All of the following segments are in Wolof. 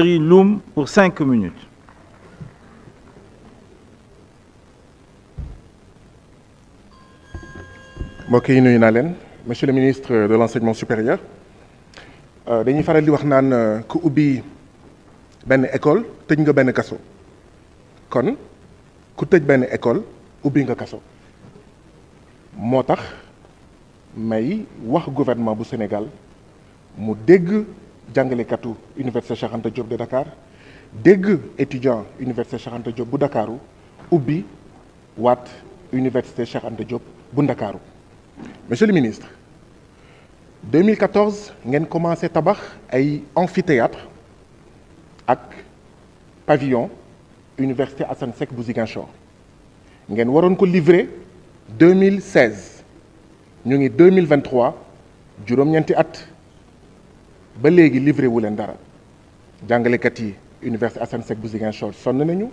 Loum pour cinq minutes. mbokk yi nuyu naa leen monsieur le ministre de l'enseignement supérieur euh, dañuy faral di wax naan euh, ku ubbi benn école tëj nga benn kaso kon ku tëj benn école ubbi nga kaso moo tax may wax guvernement bu Sénégal mu dégg jàngalekatu université Cheikh Anta Diop de Dakar dégg étudiant université Cheikh Anta Diop bu Dakaru ubbi waat université Cheikh Anta Diop bu Ndakaaru monsieur le ministre 2014 ngeen commencé tabax ay amphithéâtre ak pavillon université Assane sec bu Ziguinchor ngeen waroon ko livrer 2016 ñu ngi 2023 juróom-ñeenti at. ba léegi livré wu leen dara jàngalekat yi université Assane Seck bu Ziguinchor sonn nañu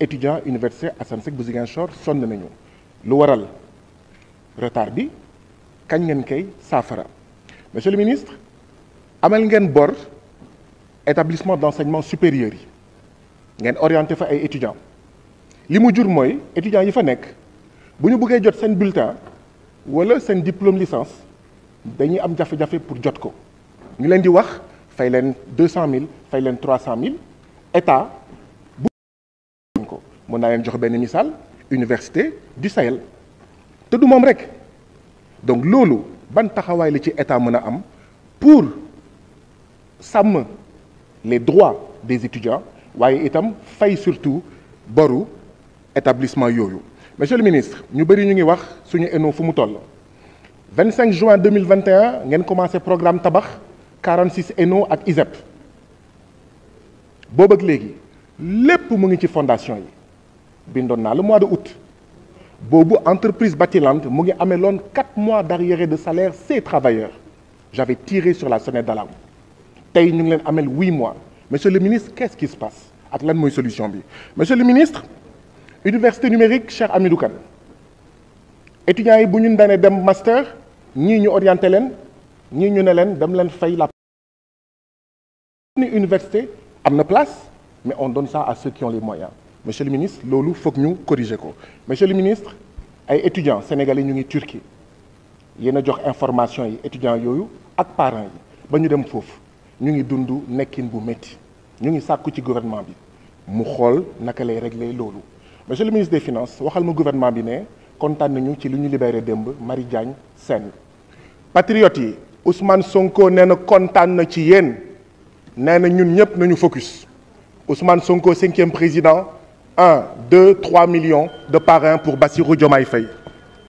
étudiant université Assane Seck bu Ziguinchor sonn nañu lu waral retard bi kañ ngeen kay saafara monsieur le ministre amal ngeen bor établissement d'enseignement supérieur yi ngeen orienté fa ay étudiants li mu jur mooy étudiants yi fa nekk bu ñu buggee jot seen bulletin wala seen diplôme licence dañuy am jafe-jafe pour jot ko ñu leen di wax fay leen deux cent mille fay leen trois cent mille état bu ko mën naa leen joxe benn misaal université du Sahel te du moom rek donc loolu ban taxawaay la ci état mën a am pour sàmm les droits des étudiants waaye itam fay surtout boru établissement yooyu monsieur le ministre ñu bëri ñu ngi wax suñu ENO fu mu toll 25 juin 2021 ngeen commencé programme tabax 46 no ak ISEP boobu ak léegi lépp mu ngi ci fondation yi bindoon naa le mois de août boobu entreprise Batilante mu ngi amee loon 4 mois d'arriérés de salaire ses travailleurs j'avais tiré sur la sonnette d'alarme tey ñu ngi leen amel 8 mois monsieur le ministre qu'est-ce qui se passe ak lan mooy solution bi monsieur le ministre université numérique Cheikh Hamidou Kane étudiants yi bu ñu daanee dem master ñii ñu orienté leen ñii ñu ne leen dem leen fay ni université am na place mais on donne ça à ceux qui ont les moyens monsieur le ministre loolu foog ñu corriger ko monsieur le ministre ay étudiants sénégalais ñu ngi Turquie yéen a jox information yi étudiants yooyu ak parent yi ba ñu dem foofu ñu ngi dund nekkin bu métti ñu ngi sàkku ci gouvernement bi mu xool naka lay régler loolu monsieur le ministre des finances waxal ma gouvernement bi ne kontaan nañu ci li ñu libéré démb Marie Diagne Sène patriotes yi Ousmane Sonko nee na kontaan na ci yéen. nee na ñun ñëpp nañu focus Ousmane Sonko cinquième président un deux trois millions de parrains pour Bassirou Diomaye Faye